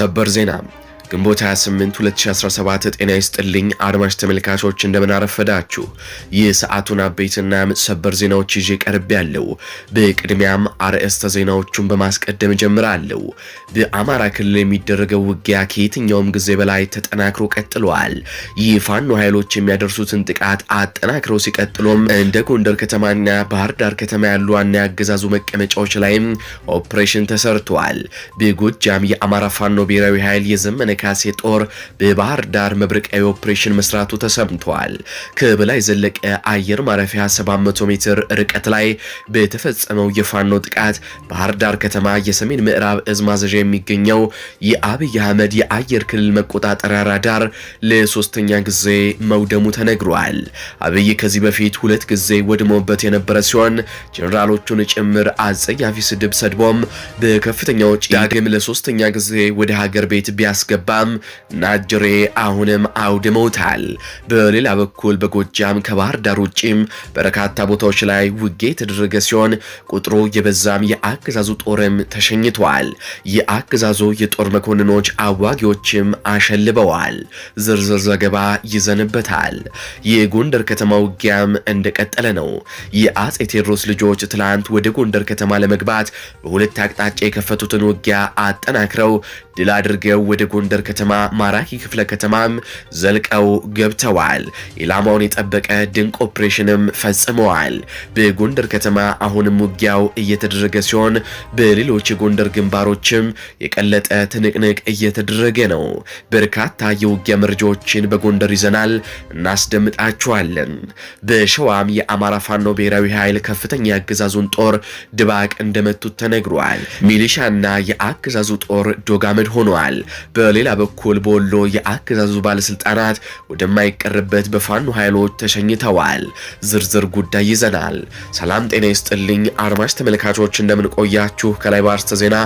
ሰበር ዜና ግንቦት 28 2017። ጤና ይስጥልኝ አድማጭ ተመልካቾች እንደምናረፈዳችሁ ይህ ሰዓቱን አበይትና ሰበር ዜናዎች ይዤ ቀርብ ያለው። በቅድሚያም አርዕስተ ዜናዎቹን በማስቀደም እጀምራለሁ። በአማራ ክልል የሚደረገው ውጊያ ከየትኛውም ጊዜ በላይ ተጠናክሮ ቀጥሏል። ይህ ፋኖ ኃይሎች የሚያደርሱትን ጥቃት አጠናክረው ሲቀጥሉም እንደ ጎንደር ከተማና ባህር ዳር ከተማ ያሉ ዋና ያገዛዙ መቀመጫዎች ላይም ኦፕሬሽን ተሰርቷል። በጎጃም የአማራ ፋኖ ብሔራዊ ኃይል የዘመነ ካሴ ጦር በባህር ዳር መብረቃዊ ኦፕሬሽን መስራቱ ተሰምቷል። ከበላይ ዘለቀ አየር ማረፊያ 700 ሜትር ርቀት ላይ በተፈጸመው የፋኖ ጥቃት ባህር ዳር ከተማ የሰሜን ምዕራብ እዝ ማዘዣ የሚገኘው የአብይ አህመድ የአየር ክልል መቆጣጠሪያ ራዳር ለሶስተኛ ጊዜ መውደሙ ተነግሯል። አብይ ከዚህ በፊት ሁለት ጊዜ ወድሞበት የነበረ ሲሆን ጀኔራሎቹን ጭምር አጸያፊ ስድብ ሰድቦም በከፍተኛ ዳግም ለሶስተኛ ጊዜ ወደ ሀገር ቤት ቢያስገባ አልገባም እና አሁንም አውድመውታል። በሌላ በኩል በጎጃም ከባህር ዳር ውጪም በርካታ ቦታዎች ላይ ውጊያ የተደረገ ሲሆን ቁጥሩ የበዛም የአገዛዙ ጦርም ተሸኝቷል። የአገዛዙ የጦር መኮንኖች አዋጊዎችም አሸልበዋል። ዝርዝር ዘገባ ይዘንበታል። የጎንደር ከተማ ውጊያም እንደቀጠለ ነው። የአጼ ቴዎድሮስ ልጆች ትላንት ወደ ጎንደር ከተማ ለመግባት በሁለት አቅጣጫ የከፈቱትን ውጊያ አጠናክረው ድል አድርገው ወደ ጎንደር ጎንደር ከተማ ማራኪ ክፍለ ከተማም ዘልቀው ገብተዋል። ኢላማውን የጠበቀ ድንቅ ኦፕሬሽንም ፈጽመዋል። በጎንደር ከተማ አሁንም ውጊያው እየተደረገ ሲሆን በሌሎች የጎንደር ግንባሮችም የቀለጠ ትንቅንቅ እየተደረገ ነው። በርካታ የውጊያ መረጃዎችን በጎንደር ይዘናል፣ እናስደምጣችኋለን። በሸዋም የአማራ ፋኖ ብሔራዊ ኃይል ከፍተኛ የአገዛዙን ጦር ድባቅ እንደመቱት ተነግሯል። ሚሊሻና የአገዛዙ ጦር ዶጋመድ ሆኗል። በሌላ በሌላ በኩል በወሎ የአገዛዙ ባለስልጣናት ወደማይቀርበት በፋኖ ኃይሎች ተሸኝተዋል። ዝርዝር ጉዳይ ይዘናል። ሰላም ጤና ይስጥልኝ አድማጭ ተመልካቾች፣ እንደምንቆያችሁ ከላይ ባርስተ ዜና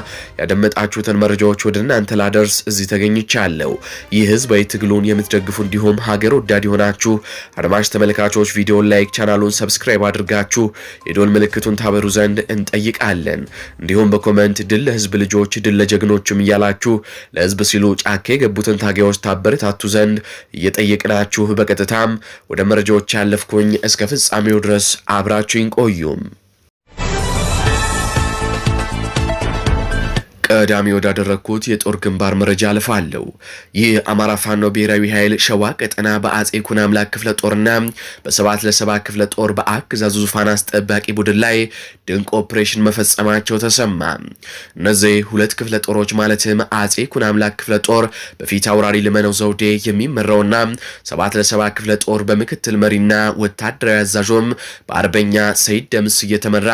ያደመጣችሁትን መረጃዎች ወደ እናንተ ላደርስ እዚህ ተገኝቻለሁ። ይህ ህዝባዊ ትግሉን የምትደግፉ እንዲሁም ሀገር ወዳድ የሆናችሁ አድማጭ ተመልካቾች ቪዲዮን ላይክ፣ ቻናሉን ሰብስክራይብ አድርጋችሁ የዶል ምልክቱን ታበሩ ዘንድ እንጠይቃለን። እንዲሁም በኮመንት ድል ለህዝብ ልጆች ድል ለጀግኖችም እያላችሁ ለህዝብ ሲሉ ጫካ የገቡትን ታጋዮች ታበረታቱ ዘንድ እየጠየቅናችሁ በቀጥታም ወደ መረጃዎች ያለፍኩኝ እስከ ፍጻሜው ድረስ አብራችሁኝ ቆዩም። ቀዳሚ ወዳደረግኩት የጦር ግንባር መረጃ አልፋለሁ። ይህ አማራ ፋኖ ብሔራዊ ኃይል ሸዋ ቀጠና በአጼ ኩን አምላክ ክፍለ ጦርና በሰባት ለሰባ ክፍለ ጦር በአገዛዙ ዙፋን አስጠባቂ ቡድን ላይ ድንቅ ኦፕሬሽን መፈጸማቸው ተሰማ። እነዚህ ሁለት ክፍለ ጦሮች ማለትም አጼ ኩን አምላክ ክፍለ ጦር በፊት አውራሪ ልመነው ዘውዴ የሚመራውና ሰባት ለሰባ ክፍለ ጦር በምክትል መሪና ወታደራዊ አዛዦም በአርበኛ ሰይድ ደምስ እየተመራ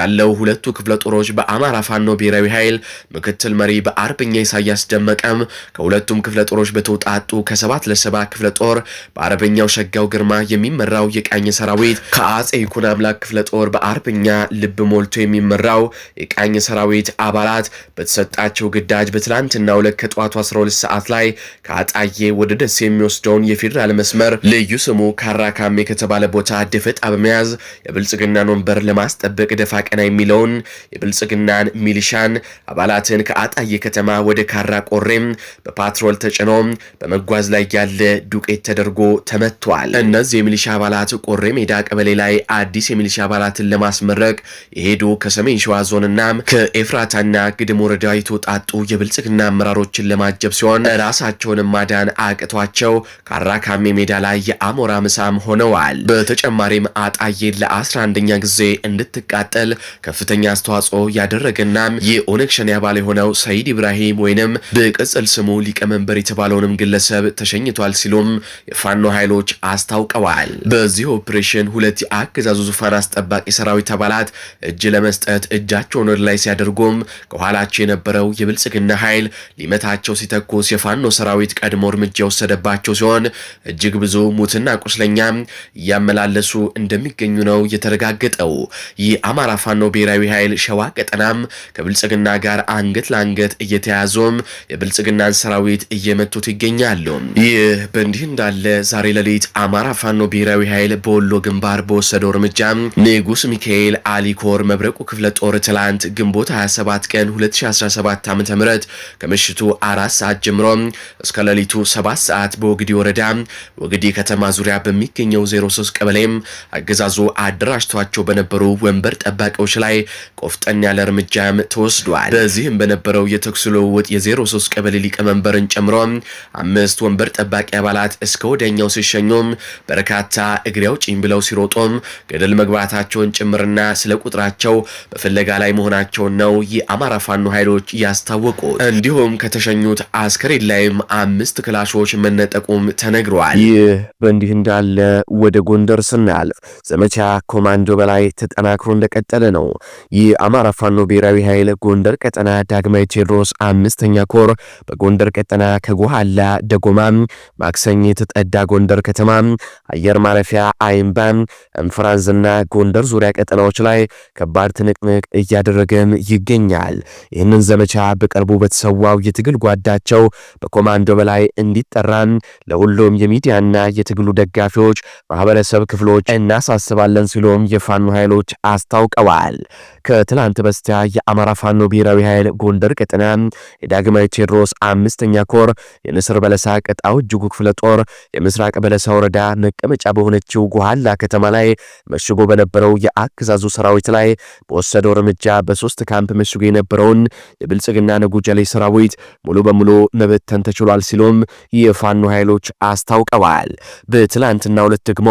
ያለው ሁለቱ ክፍለ ጦሮች በአማራ ፋኖ ብሔራዊ ኃይል ምክትል መሪ በአርበኛ ኢሳያስ ደመቀም ከሁለቱም ክፍለ ጦሮች በተውጣጡ ከሰባት ለሰባ ክፍለ ጦር በአርበኛው ሸጋው ግርማ የሚመራው የቃኝ ሰራዊት ከአጼ ይኩኖ አምላክ ክፍለ ጦር በአርበኛ ልብ ሞልቶ የሚመራው የቃኝ ሰራዊት አባላት በተሰጣቸው ግዳጅ በትላንትና ሁለት ከጠዋቱ 12 ሰዓት ላይ ከአጣዬ ወደ ደሴ የሚወስደውን የፌዴራል መስመር ልዩ ስሙ ካራካሜ ከተባለ ቦታ ደፈጣ በመያዝ የብልጽግናን ወንበር ለማስጠበቅ ደፋ ቀና የሚለውን የብልጽግናን ሚሊሻን አባላት ጠላትን ከአጣዬ ከተማ ወደ ካራ ቆሬም በፓትሮል ተጭኖ በመጓዝ ላይ ያለ ዱቄት ተደርጎ ተመቷል። እነዚህ የሚሊሻ አባላት ቆሬ ሜዳ ቀበሌ ላይ አዲስ የሚሊሻ አባላትን ለማስመረቅ የሄዱ ከሰሜን ሸዋ ዞንና ከኤፍራታና ግድም ወረዳ የተውጣጡ የብልጽግና አመራሮችን ለማጀብ ሲሆን ራሳቸውን ማዳን አቅቷቸው ካራካሜ ሜዳ ላይ የአሞራ ምሳም ሆነዋል። በተጨማሪም አጣዬን ለ11ኛ ጊዜ እንድትቃጠል ከፍተኛ አስተዋጽኦ ያደረገና የኦነግ ሸኔ ባል የሆነው ሰይድ ኢብራሂም ወይንም በቅጽል ስሙ ሊቀመንበር የተባለውንም ግለሰብ ተሸኝቷል ሲሉም የፋኖ ኃይሎች አስታውቀዋል። በዚህ ኦፕሬሽን ሁለት የአገዛዙ ዙፋን አስጠባቂ ሰራዊት አባላት እጅ ለመስጠት እጃቸውን ወደ ላይ ሲያደርጉም ከኋላቸው የነበረው የብልጽግና ኃይል ሊመታቸው ሲተኩስ የፋኖ ሰራዊት ቀድሞ እርምጃ የወሰደባቸው ሲሆን እጅግ ብዙ ሙትና ቁስለኛም እያመላለሱ እንደሚገኙ ነው የተረጋገጠው። የአማራ ፋኖ ብሔራዊ ኃይል ሸዋ ቀጠናም ከብልጽግና ጋር አ አንገት ለአንገት እየተያዙም የብልጽግናን ሰራዊት እየመቱት ይገኛሉ። ይህ በእንዲህ እንዳለ ዛሬ ሌሊት አማራ ፋኖ ብሔራዊ ኃይል በወሎ ግንባር በወሰደው እርምጃ ንጉስ ሚካኤል አሊኮር መብረቁ ክፍለ ጦር ትላንት ግንቦት 27 ቀን 2017 ዓ ም ከምሽቱ አራት ሰዓት ጀምሮ እስከ ሌሊቱ ሰባት ሰዓት በወግዲ ወረዳ ወግዲ ከተማ ዙሪያ በሚገኘው 03 ቀበሌም አገዛዙ አደራጅቷቸው በነበሩ ወንበር ጠባቂዎች ላይ ቆፍጠን ያለ እርምጃም ተወስዷል። በዚህ በዚህም በነበረው የተኩስ ልውውጥ የ03 ቀበሌ ሊቀመንበርን ጨምሮ አምስት ወንበር ጠባቂ አባላት እስከ ወደኛው ሲሸኙም በርካታ እግሬ አውጪኝ ብለው ሲሮጡም ገደል መግባታቸውን ጭምርና ስለ ቁጥራቸው በፍለጋ ላይ መሆናቸውን ነው የአማራ ፋኖ ኃይሎች ያስታወቁት። እንዲሁም ከተሸኙት አስከሬን ላይም አምስት ክላሾች መነጠቁም ተነግረዋል። ይህ በእንዲህ እንዳለ ወደ ጎንደር ስናልፍ ዘመቻ ኮማንዶ በላይ ተጠናክሮ እንደቀጠለ ነው። ይህ አማራ ፋኖ ብሔራዊ ኃይል ጎንደር ቀጠና ቀጠና ዳግማዊ ቴዎድሮስ አምስተኛ ኮር በጎንደር ቀጠና ከጎሃላ ደጎማ፣ ማክሰኝት፣ ጠዳ ጎንደር ከተማ፣ አየር ማረፊያ አይምባ፣ እንፍራንዝና ጎንደር ዙሪያ ቀጠናዎች ላይ ከባድ ትንቅንቅ እያደረገም ይገኛል። ይህንን ዘመቻ በቅርቡ በተሰዋው የትግል ጓዳቸው በኮማንዶ በላይ እንዲጠራም ለሁሉም የሚዲያና የትግሉ ደጋፊዎች ማህበረሰብ ክፍሎች እናሳስባለን ሲሉም የፋኖ ኃይሎች አስታውቀዋል። ከትላንት በስቲያ የአማራ ፋኖ ብሔራዊ ኃይል ኃይል ጎንደር ቀጠና የዳግማዊ ቴዎድሮስ አምስተኛ ኮር የንስር በለሳ ቀጣው እጅጉ ክፍለ ጦር የምስራቅ በለሳ ወረዳ መቀመጫ በሆነችው ጎሃላ ከተማ ላይ መሽጎ በነበረው የአገዛዙ ሰራዊት ላይ በወሰደው እርምጃ በሶስት ካምፕ መሽጎ የነበረውን የብልጽግና ነጎጃሌ ሰራዊት ሙሉ በሙሉ መበተን ተችሏል ሲሉም የፋኖ ኃይሎች አስታውቀዋል። በትላንትና ሁለት ደግሞ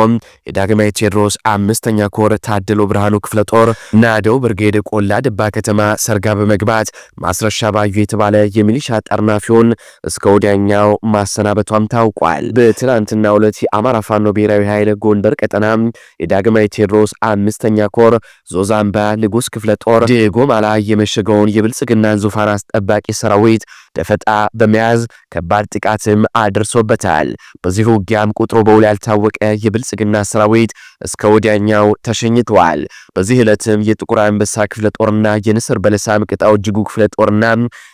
የዳግማዊ ቴዎድሮስ አምስተኛ ኮር ታደሎ ብርሃኑ ክፍለ ጦር ናደው ብርጌድ ቆላ ድባ ከተማ ሰርጋ በመግባት ማስረሻ ባዩ የተባለ የሚሊሻ ጠርናፊውን እስከ ወዲያኛው ማሰናበቷም ታውቋል። በትናንትና ሁለት የአማራ ፋኖ ብሔራዊ ኃይል ጎንደር ቀጠና የዳግማዊ ቴዎድሮስ አምስተኛ ኮር ዞዛምባ ንጉስ ክፍለ ጦር ደጎማላ የመሸገውን የብልጽግናን ዙፋን አስጠባቂ ሰራዊት ደፈጣ በመያዝ ከባድ ጥቃትም አድርሶበታል። በዚሁ ውጊያም ቁጥሩ በውል ያልታወቀ የብልጽግና ሰራዊት እስከ ወዲያኛው ተሸኝተዋል። በዚህ ዕለትም የጥቁር አንበሳ ክፍለ ጦርና የንስር በለሳ ምቅጣው እጅጉ ክፍለ ጦርና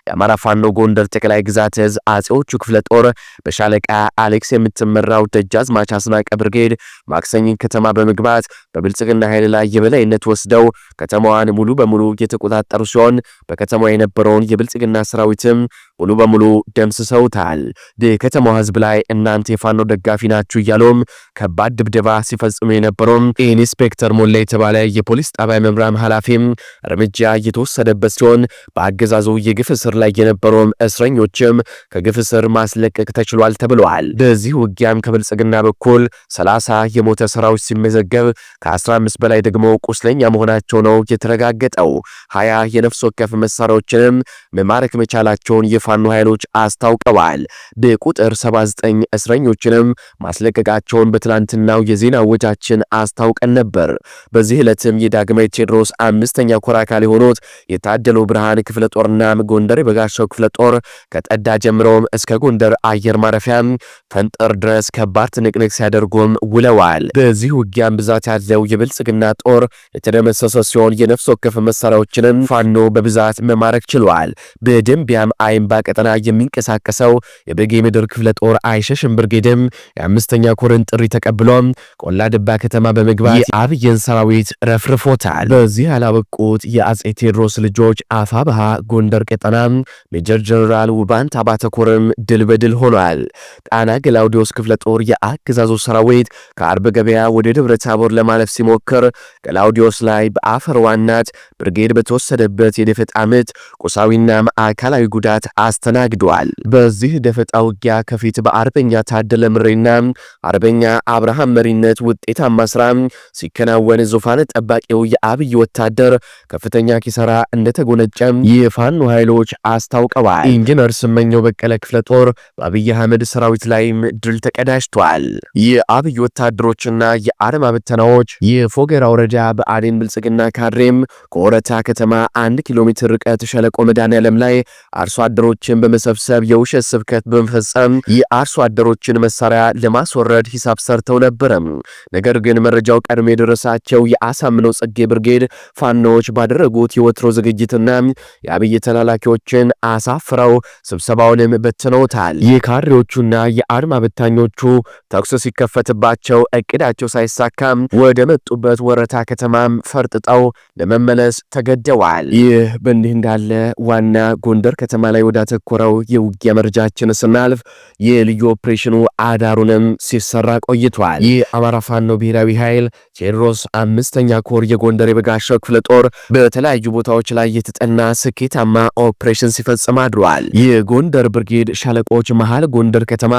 የአማራ ፋኖ ጎንደር ጠቅላይ ግዛት እዝ አጼዎቹ ክፍለ ጦር በሻለቃ አሌክስ የምትመራው ደጃዝ አስናቀ ብርጌድ ማክሰኝን ከተማ በመግባት በብልጽግና ኃይል ላይ የበላይነት ወስደው ከተማዋን ሙሉ በሙሉ እየተቆጣጠሩ ሲሆን በከተማ የነበረውን የብልጽግና ሰራዊትም ሙሉ በሙሉ ደምስሰውታል። በከተማዋ ህዝብ ላይ እናንተ የፋኖ ደጋፊ ናችሁ እያሉም ከባድ ድብደባ ሲፈጽሙ የነበረውም ኢንስፔክተር ሞላ የተባለ የፖሊስ ጣቢያ መምራም ኃላፊም እርምጃ የተወሰደበት ሲሆን በአገዛዙ የግፍ እስር ላይ የነበረውም እስረኞችም ከግፍ እስር ማስለቀቅ ተችሏል ተብለዋል። በዚህ ውጊያም ከብልጽግና በኩል 30 የሞተ ሰራዊት ሲመዘገብ ከ15 በላይ ደግሞ ቁስለኛ መሆናቸው ነው የተረጋገጠው። 20 የነፍስ ወከፍ መሳሪያዎችንም መማረክ መቻላቸውን የፋኖ ኃይሎች አስታውቀዋል። በቁጥር 79 እስረኞችንም ማስለቀቃቸውን በትላንትናው የዜና ወጃችን አስታውቀን ነበር። በዚህ ዕለትም የዳግማዊ ቴዎድሮስ አምስተኛ ኮር አካል የሆኑት የታደሉ ብርሃን ክፍለ ጦርና ጎንደር የበጋሻው ክፍለ ጦር ከጠዳ ጀምረውም እስከ ጎንደር አየር ማረፊያ ፈንጠር ድረስ ከባድ ትንቅንቅ ሲያደርጉም ውለዋል። በዚህ ውጊያም ብዛት ያለው የብልጽግና ጦር የተደመሰሰ ሲሆን የነፍስ ወከፍ መሳሪያዎችንም ፋኖ በብዛት መማረክ ችሏል። በደንቢያም አይምባ ቀጠና የሚንቀሳቀሰው የበጌ ምድር ክፍለ ጦር አይሸሽም ብርጌድም የአምስተኛ ኮርን ጥሪ ተቀብሎ። ቆላ ድባ ከተማ በመግባት የአብይን ሰራዊት ረፍርፎታል። በዚህ ያላበቁት የአጼ ቴዎድሮስ ልጆች አፋብሃ ጎንደር ቀጠና ሜጀር ጀነራል ውባንት አባተ ድል በድል ሆኗል። ጣና ገላውዲዮስ ክፍለ ጦር የአገዛዙ ሰራዊት ከአርብ ገበያ ወደ ደብረ ታቦር ለማለፍ ሲሞክር ገላውዲዮስ ላይ በአፈር ዋናት ብርጌድ በተወሰደበት የደፈጣ ምት ቁሳዊና አካላዊ ጉዳት አስተናግደዋል። በዚህ ደፈጣ ውጊያ ከፊት በአርበኛ ታደለ ምሬና አርበኛ አብርሃም መሪነት ውጤታማ ስራ ሲከናወን ዙፋን ጠባቂው የአብይ ወታደር ከፍተኛ ኪሰራ እንደተጎነጨም የፋኖ ኃይሎች አስታውቀዋል። ኢንጂነር ስመኘው በቀለ ክፍለ ጦር በአብይ አህመድ ሰራዊት ላይም ድል ተቀዳጅቷል። የአብይ ወታደሮችና የአድማ ብተናዎች የፎገራ ወረዳ በአዴን ብልጽግና ካድሬም ከወረታ ከተማ አንድ ኪሎ ሜትር ርቀት ሸለቆ መድኃኔዓለም ላይ አርሶ አደሮች ሰዎችን በመሰብሰብ የውሸት ስብከት በመፈጸም የአርሶ አደሮችን መሳሪያ ለማስወረድ ሂሳብ ሰርተው ነበረ። ነገር ግን መረጃው ቀድሞ የደረሳቸው የአሳምነው ጽጌ ብርጌድ ፋኖዎች ባደረጉት የወትሮ ዝግጅትና የአብይ ተላላኪዎችን አሳፍረው ስብሰባውንም በትነውታል። የካድሬዎቹና የአድማ በታኞቹ ተኩስ ሲከፈትባቸው እቅዳቸው ሳይሳካም ወደ መጡበት ወረታ ከተማም ፈርጥጠው ለመመለስ ተገደዋል። ይህ በእንዲህ እንዳለ ዋና ጎንደር ከተማ ላይ ወዳ ወዳተኮረው የውጊያ መረጃችን ስናልፍ የልዩ ኦፕሬሽኑ አዳሩንም ሲሰራ ቆይቷል። ይህ አማራ ፋኖ ብሔራዊ ኃይል ቴዎድሮስ አምስተኛ ኮር የጎንደር የበጋሻው ክፍለ ጦር በተለያዩ ቦታዎች ላይ የተጠና ስኬታማ ኦፕሬሽን ሲፈጽም አድሯል። የጎንደር ብርጌድ ሻለቆች መሃል ጎንደር ከተማ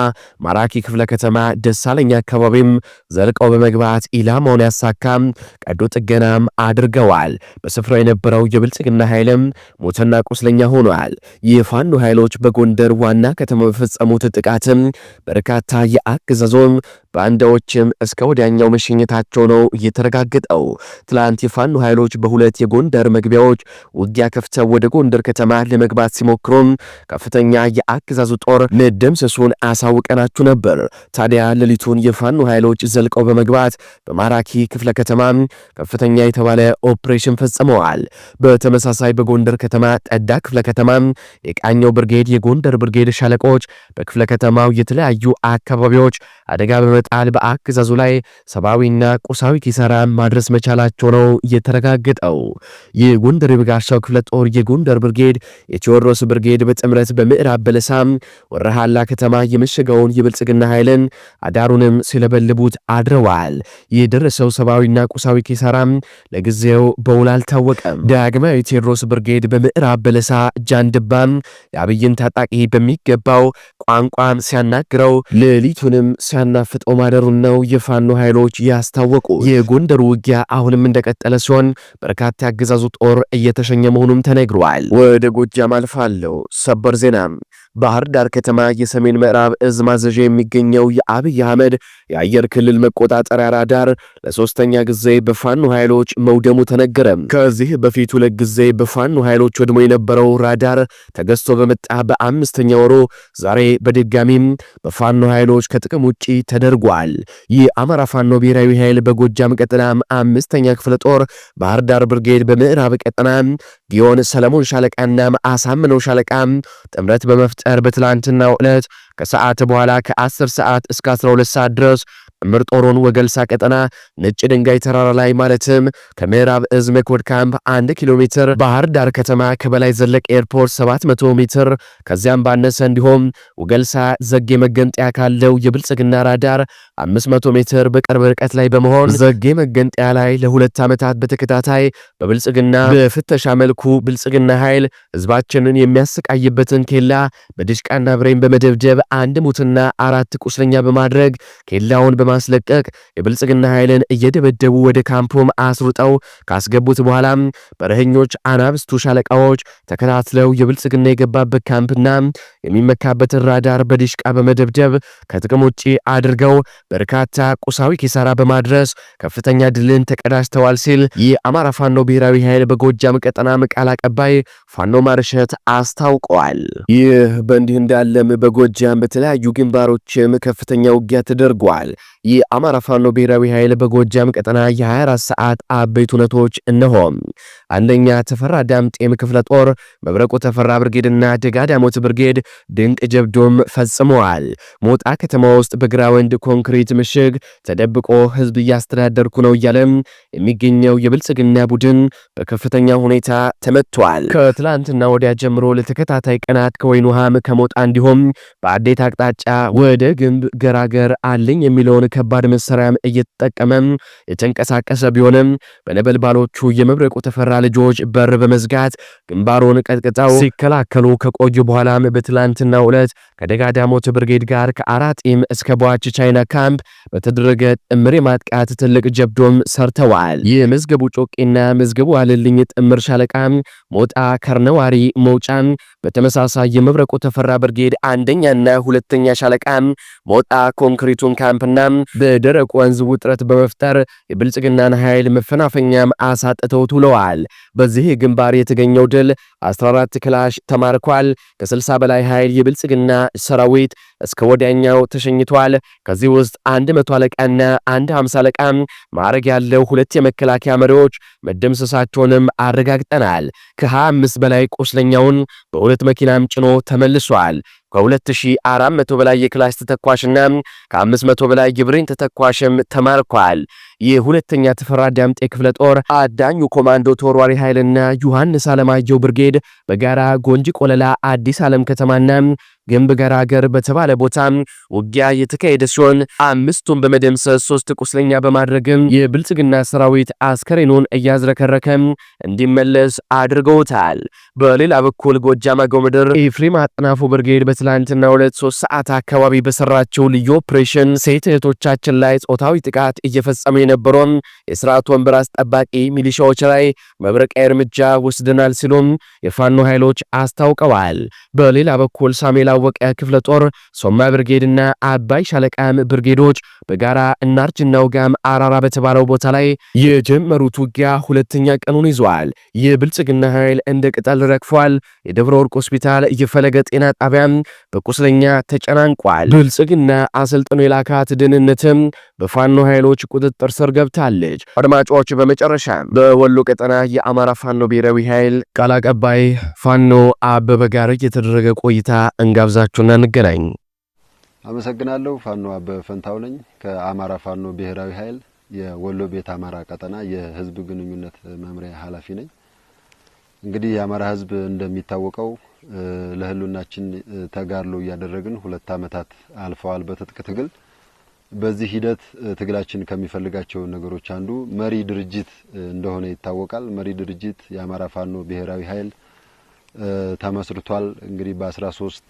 ማራኪ ክፍለ ከተማ ደሳለኛ አካባቢም ዘልቀው በመግባት ኢላማውን ያሳካም ቀዶ ጥገናም አድርገዋል። በስፍራው የነበረው የብልጽግና ኃይልም ሞትና ቁስለኛ ሆኗል። የፋኖ ኃይሎች በጎንደር ዋና ከተማ በፈጸሙት ጥቃትም በርካታ የአገዛዞም ባንዳዎችም እስከ ወዲያኛው መሸኘታቸው ነው የተረጋገጠው። ትላንት የፋኖ ኃይሎች በሁለት የጎንደር መግቢያዎች ውጊያ ከፍተው ወደ ጎንደር ከተማ ለመግባት ሲሞክሩም ከፍተኛ የአገዛዙ ጦር መደምሰሱን አሳውቀናችሁ ነበር። ታዲያ ሌሊቱን የፋኖ ኃይሎች ዘልቀው በመግባት በማራኪ ክፍለ ከተማም ከፍተኛ የተባለ ኦፕሬሽን ፈጽመዋል። በተመሳሳይ በጎንደር ከተማ ጠዳ ክፍለ ከተማ የቃኘው ብርጌድ፣ የጎንደር ብርጌድ ሻለቆች በክፍለ ከተማው የተለያዩ አካባቢዎች አደጋ በመጣል በአገዛዙ ላይ ሰብአዊና ቁሳዊ ኪሳራ ማድረስ መቻላቸው ነው የተረጋገጠው። የጎንደር የበጋሻው ክፍለ ጦር የጎንደር ብርጌድ፣ የቴዎድሮስ ብርጌድ በጥምረት በምዕራብ በለሳም ወረሃላ ከተማ የመሸገውን የብልጽግና ኃይልን አዳሩንም ሲለበልቡት አድረዋል። የደረሰው ሰብአዊና ቁሳዊ ኪሳራም ለጊዜው በውል አልታወቀም። ዳግማዊ ቴዎድሮስ ብርጌድ በምዕራብ በለሳ ጃንድባም የአብይን ታጣቂ በሚገባው ቋንቋም ሲያናግረው ሌሊቱንም ሲያናፍጠው ማደሩን ነው የፋኖ ኃይሎች ያስታወቁ። የጎንደሩ ውጊያ አሁንም እንደቀጠለ ሲሆን በርካታ ያገዛዙ ጦር እየተሸኘ መሆኑም ተነግሯል። ወደ ጎጃም አልፋለሁ። ሰበር ዜናም ባህር ዳር ከተማ የሰሜን ምዕራብ እዝ ማዘዣ የሚገኘው የአብይ አህመድ የአየር ክልል መቆጣጠሪያ ራዳር ለሶስተኛ ጊዜ በፋኖ ኃይሎች መውደሙ ተነገረ። ከዚህ በፊት ሁለት ጊዜ በፋኖ ኃይሎች ወድሞ የነበረው ራዳር ተገዝቶ በመጣ በአምስተኛ ወሮ ዛሬ በድጋሚም በፋኖ ኃይሎች ከጥቅም ውጪ ተደርጓል። አማራ ፋኖ ብሔራዊ ኃይል በጎጃም ቀጠና አምስተኛ ክፍለ ጦር ባህር ዳር ብርጌድ በምዕራብ ቀጠና ጊዮን ሰለሞን ሻለቃና አሳምነው ሻለቃ ጥምረት በመፍጠር በትላንትናው ዕለት ከሰዓት በኋላ ከ10 ሰዓት እስከ 12 ሰዓት ድረስ ምርጦሮን ወገልሳ ቀጠና ነጭ ድንጋይ ተራራ ላይ ማለትም ከምዕራብ እዝ መኮድ ካምፕ 1 ኪሎ ሜትር፣ ባህር ዳር ከተማ ከበላይ ዘለቅ ኤርፖርት 700 ሜትር ከዚያም ባነሰ እንዲሁም ወገልሳ ዘጌ መገንጠያ ካለው የብልጽግና ራዳር 500 ሜትር በቅርብ ርቀት ላይ በመሆን ዘጌ መገንጠያ ላይ ለሁለት ዓመታት በተከታታይ በብልጽግና በፍተሻ መልኩ ብልጽግና ኃይል ህዝባችንን የሚያሰቃይበትን ኬላ በድሽቃና ብሬን በመደብደብ አንድ ሙትና አራት ቁስለኛ በማድረግ ኬላውን በማስለቀቅ የብልጽግና ኃይልን እየደበደቡ ወደ ካምፖም አስሩጠው ካስገቡት በኋላም በረህኞች አናብስቱ ሻለቃዎች ተከታትለው የብልጽግና የገባበት ካምፕና የሚመካበትን ራዳር በዲሽቃ በመደብደብ ከጥቅም ውጪ አድርገው በርካታ ቁሳዊ ኪሳራ በማድረስ ከፍተኛ ድልን ተቀዳጅተዋል ሲል የአማራ ፋኖ ብሔራዊ ኃይል በጎጃም ቀጠናም ቃል አቀባይ ፋኖ ማርሸት አስታውቀዋል። ይህ በእንዲህ እንዳለም በጎጃም በተለያዩ ግንባሮችም ከፍተኛ ውጊያ ተደርጓል። የአማራ ፋኖ ብሔራዊ ኃይል በጎጃም ቀጠና የ24 ሰዓት አበይት ሁነቶች እነሆም፣ አንደኛ ተፈራ ዳምጤም ክፍለ ጦር መብረቁ ተፈራ ብርጌድና ደጋ ዳሞት ብርጌድ ድንቅ ጀብዶም ፈጽመዋል። ሞጣ ከተማ ውስጥ በግራወንድ ኮንክሪት ምሽግ ተደብቆ ህዝብ እያስተዳደርኩ ነው እያለም የሚገኘው የብልጽግና ቡድን በከፍተኛ ሁኔታ ተመቷል። ከትላንትና ወዲያ ጀምሮ ለተከታታይ ቀናት ከወይን ውሃም ከሞጣ እንዲሁም በአዴት አቅጣጫ ወደ ግንብ ገራገር አለኝ የሚለውን ከባድ መሳሪያም እየተጠቀመ የተንቀሳቀሰ ቢሆንም በነበልባሎቹ የመብረቁ ተፈራ ልጆች በር በመዝጋት ግንባሩን ቀጥቅጠው ሲከላከሉ ከቆዩ በኋላም በትላንትናው ዕለት ከደጋዳሞት ብርጌድ ጋር ከአራጢም እስከ ቧች ቻይና ካምፕ በተደረገ ጥምር የማጥቃት ትልቅ ጀብዶም ሰርተዋል። ይህ መዝገቡ ጮቄና መዝገቡ አልልኝ ጥምር ሻለቃ ሞጣ ከርነዋሪ መውጫን በተመሳሳይ የመብረቁ ተፈራ ብርጌድ አንደኛና ሁለተኛ ሻለቃ ሞጣ ኮንክሪቱን ካምፕና በደረቅ ወንዝ ውጥረት በመፍጠር የብልጽግናን ኃይል መፈናፈኛም አሳጥተው ውለዋል። በዚህ ግንባር የተገኘው ድል 14 ክላሽ ተማርኳል። ከ60 በላይ ኃይል የብልጽግና ሰራዊት እስከ ወዲያኛው ተሸኝቷል። ከዚህ ውስጥ አንድ አለቃና 150 አለቃ ማዕረግ ያለው ሁለት የመከላከያ መሪዎች መደምሰሳቸውንም አረጋግጠናል። ከ25 በላይ ቁስለኛውን በሁለት መኪናም ጭኖ ተመልሷል። ከ2400 በላይ የክላሽ ተተኳሽና ከ500 በላይ የብሬን ተተኳሽም ተማርኳል። የሁለተኛ ተፈራ ዳምጤ ክፍለ ጦር አዳኙ ኮማንዶ ተወርዋሪ ኃይልና ዮሐንስ አለማየሁ ብርጌድ በጋራ ጎንጂ ቆለላ አዲስ ዓለም ከተማና ግንብ ጋራ ሀገር በተባለ ቦታ ውጊያ የተካሄደ ሲሆን አምስቱን በመደምሰስ ሶስት ቁስለኛ በማድረግም የብልጽግና ሰራዊት አስከሬኑን እያዝረከረከም እንዲመለስ አድርገውታል። በሌላ በኩል ጎጃም አገው ምድር ኤፍሬም አጥናፉ ብርጌድ በትላንትና ሁለት ሶስት ሰዓት አካባቢ በሰራቸው ልዩ ኦፕሬሽን ሴት እህቶቻችን ላይ ጾታዊ ጥቃት እየፈጸመ የነበረውን የስርዓቱ ወንበር አስጠባቂ ሚሊሻዎች ላይ መብረቃዊ እርምጃ ወስደናል ሲሉም የፋኖ ኃይሎች አስታውቀዋል። በሌላ በኩል ሳሙኤል አወቀ ክፍለ ጦር ሶማ ብርጌድና አባይ ሻለቃም ብርጌዶች በጋራ እናርጅና ጋም አራራ በተባለው ቦታ ላይ የጀመሩት ውጊያ ሁለተኛ ቀኑን ይዟል። የብልጽግና ኃይል እንደ ቅጠል ረግፏል። የደብረ ወርቅ ሆስፒታል የፈለገ ጤና ጣቢያም በቁስለኛ ተጨናንቋል። ብልጽግና አሰልጥኖ የላካት ደህንነትም በፋኖ ኃይሎች ቁጥጥር ስር ገብታለች። አድማጮች፣ በመጨረሻ በወሎ ቀጠና የአማራ ፋኖ ብሔራዊ ኃይል ቃል አቀባይ ፋኖ አበበ ጋር የተደረገ ቆይታ እንጋብዛችሁና እንገናኝ። አመሰግናለሁ። ፋኖ አበበ ፈንታው ነኝ ከአማራ ፋኖ ብሔራዊ ኃይል የወሎ ቤት አማራ ቀጠና የህዝብ ግንኙነት መምሪያ ኃላፊ ነኝ። እንግዲህ የአማራ ህዝብ እንደሚታወቀው ለህልውናችን ተጋድሎ እያደረግን ሁለት ዓመታት አልፈዋል በትጥቅ ትግል በዚህ ሂደት ትግላችን ከሚፈልጋቸው ነገሮች አንዱ መሪ ድርጅት እንደሆነ ይታወቃል። መሪ ድርጅት የአማራ ፋኖ ብሔራዊ ኃይል ተመስርቷል። እንግዲህ በአስራ ሶስት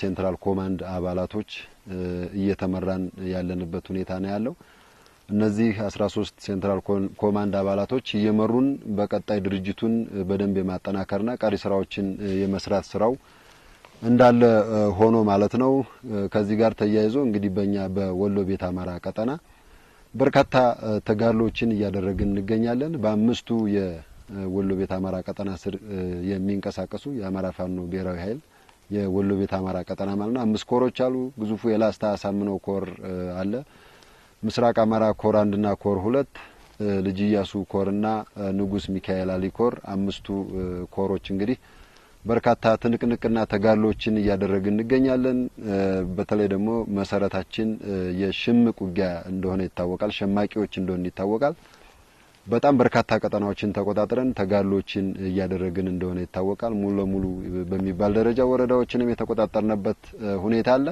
ሴንትራል ኮማንድ አባላቶች እየተመራን ያለንበት ሁኔታ ነው ያለው። እነዚህ አስራ ሶስት ሴንትራል ኮማንድ አባላቶች እየመሩን በቀጣይ ድርጅቱን በደንብ የማጠናከርና ቀሪ ስራዎችን የመስራት ስራው እንዳለ ሆኖ ማለት ነው። ከዚህ ጋር ተያይዞ እንግዲህ በእኛ በወሎ ቤት አማራ ቀጠና በርካታ ተጋድሎችን እያደረግን እንገኛለን። በአምስቱ የወሎ ቤት አማራ ቀጠና ስር የሚንቀሳቀሱ የአማራ ፋኖ ብሔራዊ ኃይል የወሎ ቤት አማራ ቀጠና ማለት ነው አምስት ኮሮች አሉ። ግዙፉ የላስታ አሳምነው ኮር አለ። ምስራቅ አማራ ኮር አንድና ኮር ሁለት ልጅ ኢያሱ ኮርና ንጉስ ሚካኤል አሊ ኮር አምስቱ ኮሮች እንግዲህ በርካታ ትንቅንቅና ተጋድሎችን እያደረግን እንገኛለን። በተለይ ደግሞ መሰረታችን የሽምቅ ውጊያ እንደሆነ ይታወቃል። ሸማቂዎች እንደሆነ ይታወቃል። በጣም በርካታ ቀጠናዎችን ተቆጣጥረን ተጋድሎችን እያደረግን እንደሆነ ይታወቃል። ሙሉ ለሙሉ በሚባል ደረጃ ወረዳዎችንም የተቆጣጠርንበት ሁኔታ አለ።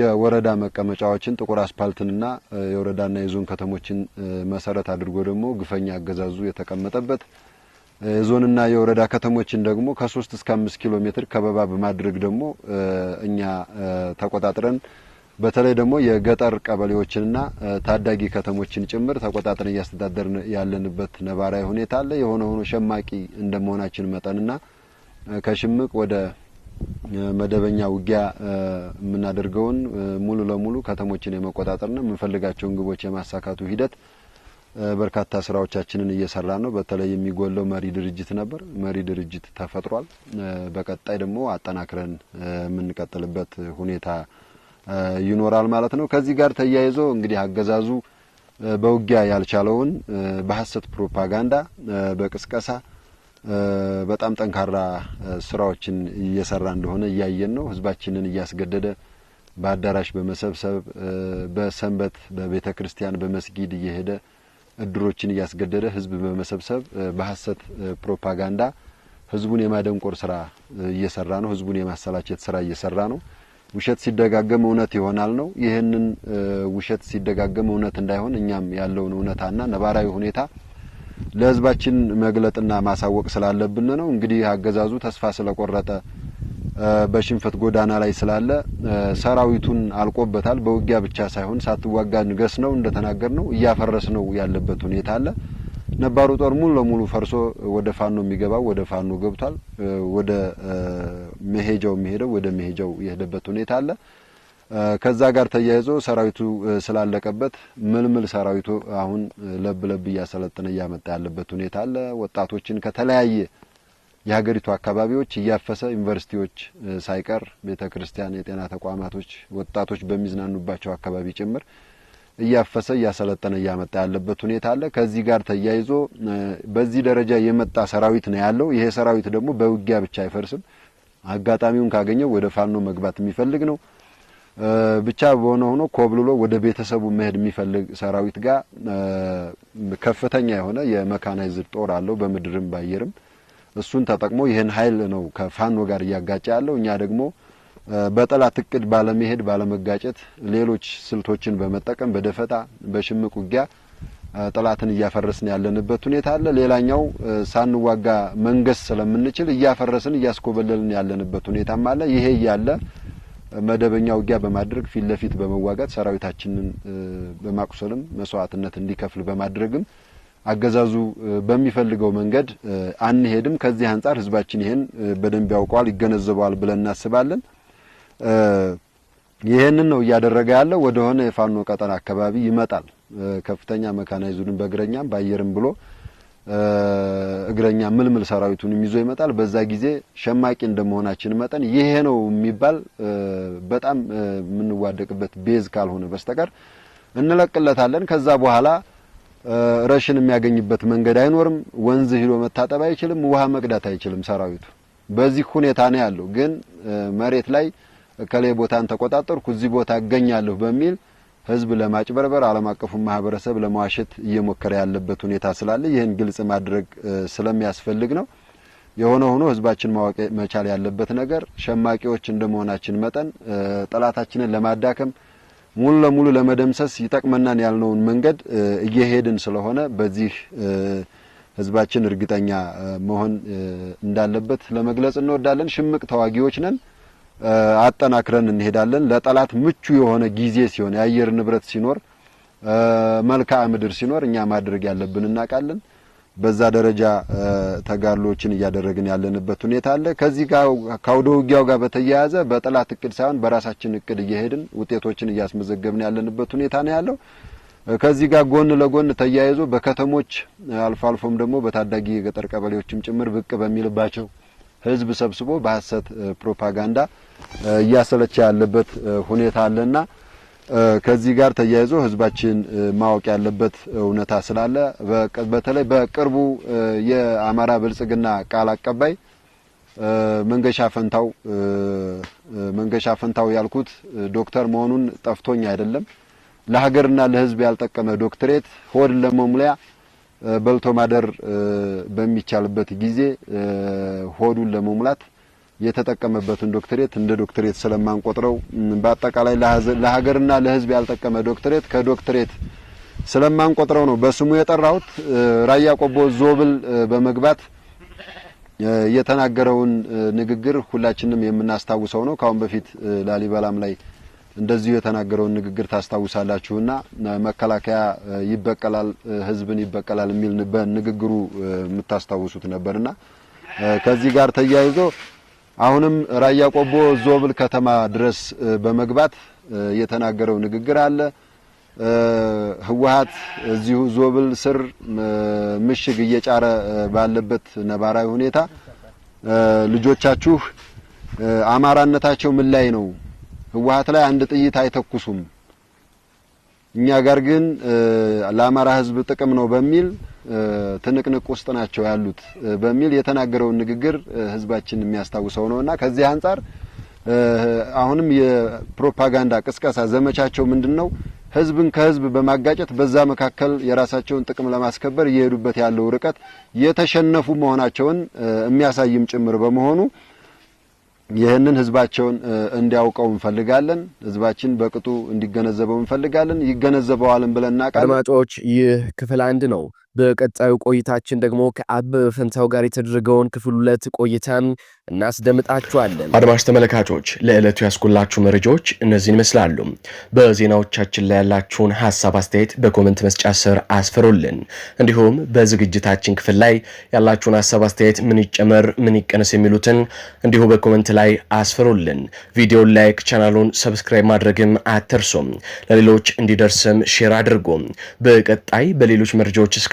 የወረዳ መቀመጫዎችን ጥቁር አስፓልትንና የወረዳና የዞን ከተሞችን መሰረት አድርጎ ደግሞ ግፈኛ አገዛዙ የተቀመጠበት ዞንና የወረዳ ከተሞችን ደግሞ ከሶስት እስከ አምስት ኪሎ ሜትር ከበባ በማድረግ ደግሞ እኛ ተቆጣጥረን በተለይ ደግሞ የገጠር ቀበሌዎችንና ታዳጊ ከተሞችን ጭምር ተቆጣጥረን እያስተዳደርን ያለንበት ነባራዊ ሁኔታ አለ። የሆነ ሆኖ ሸማቂ እንደመሆናችን መጠንና ከሽምቅ ወደ መደበኛ ውጊያ የምናደርገውን ሙሉ ለሙሉ ከተሞችን የመቆጣጠርና የምንፈልጋቸውን ግቦች የማሳካቱ ሂደት በርካታ ስራዎቻችንን እየሰራን ነው። በተለይ የሚጎለው መሪ ድርጅት ነበር። መሪ ድርጅት ተፈጥሯል። በቀጣይ ደግሞ አጠናክረን የምንቀጥልበት ሁኔታ ይኖራል ማለት ነው። ከዚህ ጋር ተያይዞ እንግዲህ አገዛዙ በውጊያ ያልቻለውን በሀሰት ፕሮፓጋንዳ፣ በቅስቀሳ በጣም ጠንካራ ስራዎችን እየሰራ እንደሆነ እያየን ነው። ህዝባችንን እያስገደደ በአዳራሽ በመሰብሰብ በሰንበት በቤተ ክርስቲያን በመስጊድ እየሄደ እድሮችን እያስገደደ ህዝብ በመሰብሰብ በሀሰት ፕሮፓጋንዳ ህዝቡን የማደንቆር ስራ እየሰራ ነው። ህዝቡን የማሰላቸት ስራ እየሰራ ነው። ውሸት ሲደጋገም እውነት ይሆናል ነው። ይህንን ውሸት ሲደጋገም እውነት እንዳይሆን እኛም ያለውን እውነታና ነባራዊ ሁኔታ ለህዝባችን መግለጥና ማሳወቅ ስላለብን ነው። እንግዲህ አገዛዙ ተስፋ ስለቆረጠ በሽንፈት ጎዳና ላይ ስላለ ሰራዊቱን አልቆበታል። በውጊያ ብቻ ሳይሆን ሳትዋጋ ንገስ ነው እንደተናገር ነው እያፈረስ ነው ያለበት ሁኔታ አለ። ነባሩ ጦር ሙሉ ለሙሉ ፈርሶ ወደ ፋኖ የሚገባው ወደ ፋኖ ገብቷል። ወደ መሄጃው የሚሄደው ወደ መሄጃው የሄደበት ሁኔታ አለ። ከዛ ጋር ተያይዞ ሰራዊቱ ስላለቀበት ምልምል ሰራዊቱ አሁን ለብ ለብ እያሰለጠነ እያመጣ ያለበት ሁኔታ አለ። ወጣቶችን ከተለያየ የሀገሪቱ አካባቢዎች እያፈሰ ዩኒቨርሲቲዎች ሳይቀር ቤተ ክርስቲያን፣ የጤና ተቋማቶች፣ ወጣቶች በሚዝናኑባቸው አካባቢ ጭምር እያፈሰ እያሰለጠነ እያመጣ ያለበት ሁኔታ አለ። ከዚህ ጋር ተያይዞ በዚህ ደረጃ የመጣ ሰራዊት ነው ያለው። ይሄ ሰራዊት ደግሞ በውጊያ ብቻ አይፈርስም። አጋጣሚውን ካገኘው ወደ ፋኖ መግባት የሚፈልግ ነው። ብቻ በሆነ ሆኖ ኮብልሎ ወደ ቤተሰቡ መሄድ የሚፈልግ ሰራዊት ጋር ከፍተኛ የሆነ የመካናይዝድ ጦር አለው በምድርም ባየርም እሱን ተጠቅሞ ይህን ኃይል ነው ከፋኖ ጋር እያጋጨ ያለው። እኛ ደግሞ በጠላት እቅድ ባለመሄድ ባለመጋጨት፣ ሌሎች ስልቶችን በመጠቀም በደፈጣ በሽምቅ ውጊያ ጠላትን እያፈረስን ያለንበት ሁኔታ አለ። ሌላኛው ሳንዋጋ መንገስ ስለምንችል እያፈረስን እያስኮበለልን ያለንበት ሁኔታም አለ። ይሄ እያለ መደበኛ ውጊያ በማድረግ ፊት ለፊት በመዋጋት ሰራዊታችንን በማቁሰልም መስዋዕትነት እንዲከፍል በማድረግም አገዛዙ በሚፈልገው መንገድ አንሄድም። ከዚህ አንጻር ህዝባችን ይሄን በደንብ ያውቀዋል፣ ይገነዘበዋል ብለን እናስባለን። ይህንን ነው እያደረገ ያለው። ወደሆነ የፋኖ ቀጠና አካባቢ ይመጣል። ከፍተኛ መካናይዙን በእግረኛም በአየርም ብሎ እግረኛ ምልምል ሰራዊቱንም ይዞ ይመጣል። በዛ ጊዜ ሸማቂ እንደመሆናችን መጠን ይሄ ነው የሚባል በጣም የምንዋደቅበት ቤዝ ካልሆነ በስተቀር እንለቅለታለን። ከዛ በኋላ ረሽን የሚያገኝበት መንገድ አይኖርም። ወንዝ ሂዶ መታጠብ አይችልም። ውሃ መቅዳት አይችልም። ሰራዊቱ በዚህ ሁኔታ ነው ያለው። ግን መሬት ላይ እከሌ ቦታን ተቆጣጠርኩ እዚህ ቦታ እገኛለሁ በሚል ህዝብ ለማጭበርበር ዓለም አቀፉ ማህበረሰብ ለመዋሸት እየሞከረ ያለበት ሁኔታ ስላለ ይህን ግልጽ ማድረግ ስለሚያስፈልግ ነው። የሆነ ሆኖ ህዝባችን ማወቅ መቻል ያለበት ነገር ሸማቂዎች እንደመሆናችን መጠን ጠላታችንን ለማዳከም ሙሉ ለሙሉ ለመደምሰስ ይጠቅመናን ያልነውን መንገድ እየሄድን ስለሆነ በዚህ ህዝባችን እርግጠኛ መሆን እንዳለበት ለመግለጽ እንወዳለን። ሽምቅ ተዋጊዎች ነን፣ አጠናክረን እንሄዳለን። ለጠላት ምቹ የሆነ ጊዜ ሲሆን፣ የአየር ንብረት ሲኖር፣ መልክዓ ምድር ሲኖር እኛ ማድረግ ያለብን እናውቃለን። በዛ ደረጃ ተጋድሎችን እያደረግን ያለንበት ሁኔታ አለ። ከዚህ ጋር ከአውደ ውጊያው ጋር በተያያዘ በጠላት እቅድ ሳይሆን በራሳችን እቅድ እየሄድን ውጤቶችን እያስመዘገብን ያለንበት ሁኔታ ነው ያለው። ከዚህ ጋር ጎን ለጎን ተያይዞ በከተሞች አልፎ አልፎም ደግሞ በታዳጊ የገጠር ቀበሌዎችም ጭምር ብቅ በሚልባቸው ህዝብ ሰብስቦ በሀሰት ፕሮፓጋንዳ እያሰለቸ ያለበት ሁኔታ አለና ከዚህ ጋር ተያይዞ ህዝባችን ማወቅ ያለበት እውነታ ስላለ በተለይ በቅርቡ የአማራ ብልጽግና ቃል አቀባይ መንገሻ ፈንታው መንገሻ ፈንታው ያልኩት ዶክተር መሆኑን ጠፍቶኝ አይደለም። ለሀገርና ለህዝብ ያልጠቀመ ዶክትሬት ሆድ ለመሙላ በልቶ ማደር በሚቻልበት ጊዜ ሆዱን ለመሙላት የተጠቀመበትን ዶክትሬት እንደ ዶክትሬት ስለማንቆጥረው በአጠቃላይ ለሀገርና ለሕዝብ ያልጠቀመ ዶክትሬት ከዶክትሬት ስለማንቆጥረው ነው በስሙ የጠራሁት። ራያ ቆቦ ዞብል በመግባት የተናገረውን ንግግር ሁላችንም የምናስታውሰው ነው። ካሁን በፊት ላሊበላም ላይ እንደዚሁ የተናገረውን ንግግር ታስታውሳላችሁና መከላከያ ይበቀላል፣ ሕዝብን ይበቀላል የሚል በንግግሩ የምታስታውሱት ነበርና ከዚህ ጋር ተያይዞ አሁንም ራያ ቆቦ ዞብል ከተማ ድረስ በመግባት የተናገረው ንግግር አለ። ህወሓት እዚሁ ዞብል ስር ምሽግ እየጫረ ባለበት ነባራዊ ሁኔታ ልጆቻችሁ አማራነታቸው ምን ላይ ነው? ህወሓት ላይ አንድ ጥይት አይተኩሱም፣ እኛ ጋር ግን ለአማራ ህዝብ ጥቅም ነው በሚል ትንቅንቅ ውስጥ ናቸው ያሉት በሚል የተናገረውን ንግግር ህዝባችን የሚያስታውሰው ነውና ከዚህ አንጻር አሁንም የፕሮፓጋንዳ ቅስቀሳ ዘመቻቸው ምንድን ነው? ህዝብን ከህዝብ በማጋጨት በዛ መካከል የራሳቸውን ጥቅም ለማስከበር እየሄዱበት ያለው ርቀት የተሸነፉ መሆናቸውን የሚያሳይም ጭምር በመሆኑ ይህንን ህዝባቸውን እንዲያውቀው እንፈልጋለን። ህዝባችን በቅጡ እንዲገነዘበው እንፈልጋለን። ይገነዘበዋልን ብለን እናቃል። አድማጮች፣ ይህ ክፍል አንድ ነው። በቀጣዩ ቆይታችን ደግሞ ከአበበ ፈንታው ጋር የተደረገውን ክፍል ሁለት ቆይታን እናስደምጣችኋለን። አድማጭ ተመልካቾች ለዕለቱ ያስኩላችሁ መረጃዎች እነዚህን ይመስላሉ። በዜናዎቻችን ላይ ያላችሁን ሀሳብ አስተያየት በኮመንት መስጫ ስር አስፈሩልን። እንዲሁም በዝግጅታችን ክፍል ላይ ያላችሁን ሀሳብ አስተያየት፣ ምን ይጨመር፣ ምን ይቀነስ የሚሉትን እንዲሁ በኮመንት ላይ አስፈሩልን። ቪዲዮን ላይክ፣ ቻናሉን ሰብስክራይብ ማድረግም አትርሱም። ለሌሎች እንዲደርስም ሼር አድርጉ። በቀጣይ በሌሎች መረጃዎች እስካ